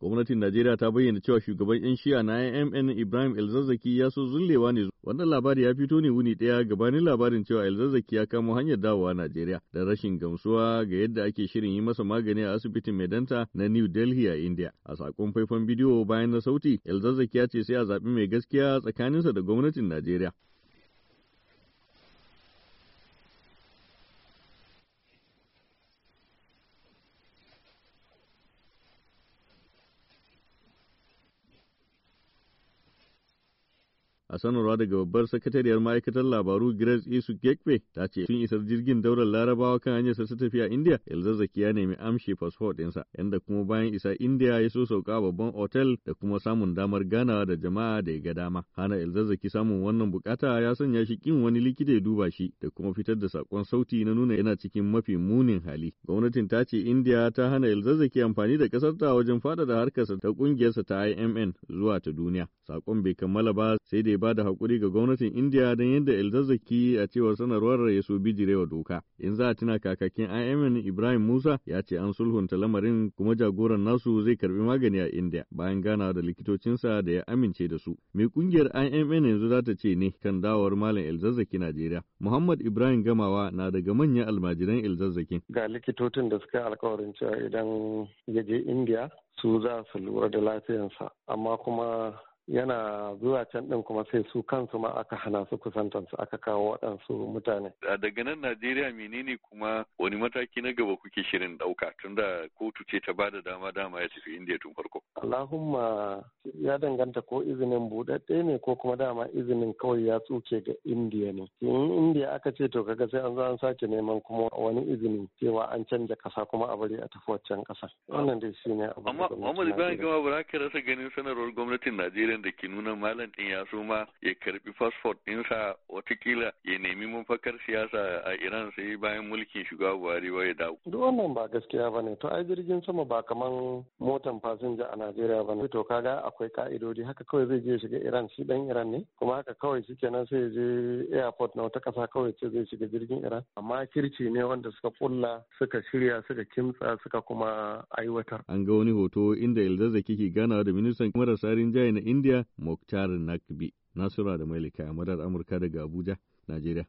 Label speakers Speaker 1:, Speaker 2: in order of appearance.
Speaker 1: Gwamnatin Najeriya ta bayyana cewa shugaban 'yan shiya na IMN Ibrahim Elzazzaki ya so zullewa ne wannan labari ya fito ne wuni ɗaya gabanin labarin cewa Elzazzaki ya kamo hanyar dawowa Najeriya da rashin gamsuwa ga yadda ake shirin yi masa magani a asibitin Medanta na New Delhi a India. A sakon faifan bidiyo bayan na sauti, Elzazzaki ya ce sai a zaɓi mai gaskiya tsakaninsa da gwamnatin Najeriya. A sanarwa daga babbar sakatariyar ma'aikatar labaru Grace Isu e. Gekpe ta ce sun isar jirgin daular larabawa kan hanyar ta tafiya India Elzazzaki ya nemi amshe fasfo ɗinsa yadda kuma bayan isa India ya so sauka babban otel da kuma samun damar ganawa da jama'a da ya ga dama. Hana Elzazzaki samun wannan bukata ya sanya shi kin wani likita ya duba shi da kuma fitar da sakon sauti na nuna yana cikin mafi munin hali. Gwamnatin ta ce India ta hana Elzazzaki amfani da kasarta wajen faɗaɗa harkarsa ta kungiyarsa ta IMN zuwa ta duniya. Sakon bai kammala ba sai da ke ba da haƙuri ga gwamnatin Indiya don yadda ilzazzaki a cewar sanarwar ya so bijirewa doka. In za a tuna kakakin IMN Ibrahim Musa ya ce an sulhunta lamarin kuma jagoran nasu zai karbi magani a Indiya bayan ganawa da likitocinsa da ya amince da su. Mai kungiyar IMN yanzu za ta ce ne kan dawowar Malam ilzazzaki Najeriya. Muhammad Ibrahim Gamawa na daga manyan almajiran ilzazzakin
Speaker 2: Ga likitocin da suka yi alkawarin cewa idan ya je Indiya su za su lura da lafiyansa amma kuma yana zuwa can din kuma sai su kansu ma aka hana su su, aka kawo waɗansu mutane.
Speaker 3: Daga nan Najeriya menene kuma wani mataki na gaba kuke shirin ɗauka tun da kotu ce ta bada dama dama ya tafi Indiya tun farko.
Speaker 2: Allahumma ya danganta ko izinin buɗaɗɗe ne ko kuma dama izinin kawai ya tsuke ga Indiya ne. In Indiya aka ce to kaga sai an zo an sake neman kuma wani izinin cewa an canja ƙasa kuma a bari a tafi wancan ƙasa. Wannan dai shine abu. Amma Muhammadu Ibrahim
Speaker 3: Gama ba ka rasa ganin sanarwar gwamnatin Najeriya binciken da ke nuna malam ɗin ya so ma ya karbi fasfot ɗinsa watakila ya nemi mafakar siyasa a Iran sai bayan mulkin shugaba Buhari ba ya dawo.
Speaker 2: Duk wannan ba gaskiya ba ne. To ai jirgin sama ba kamar motan fasinja a Najeriya ba ne. To kaga akwai ka'idodi haka kawai zai je shiga Iran shi dan Iran ne kuma haka kawai shi kenan sai ya je airport na wata kasa kawai ce zai shiga jirgin Iran. Amma kirci ne wanda suka kulla suka shirya suka kimtsa suka kuma aiwatar.
Speaker 1: An ga wani hoto inda Elzazzaki ke ganawa da ministan marasa rinjaye na India jiya, Mokhtar Nakbi Nasura da Malika Madar Amurka daga Abuja, Najeriya.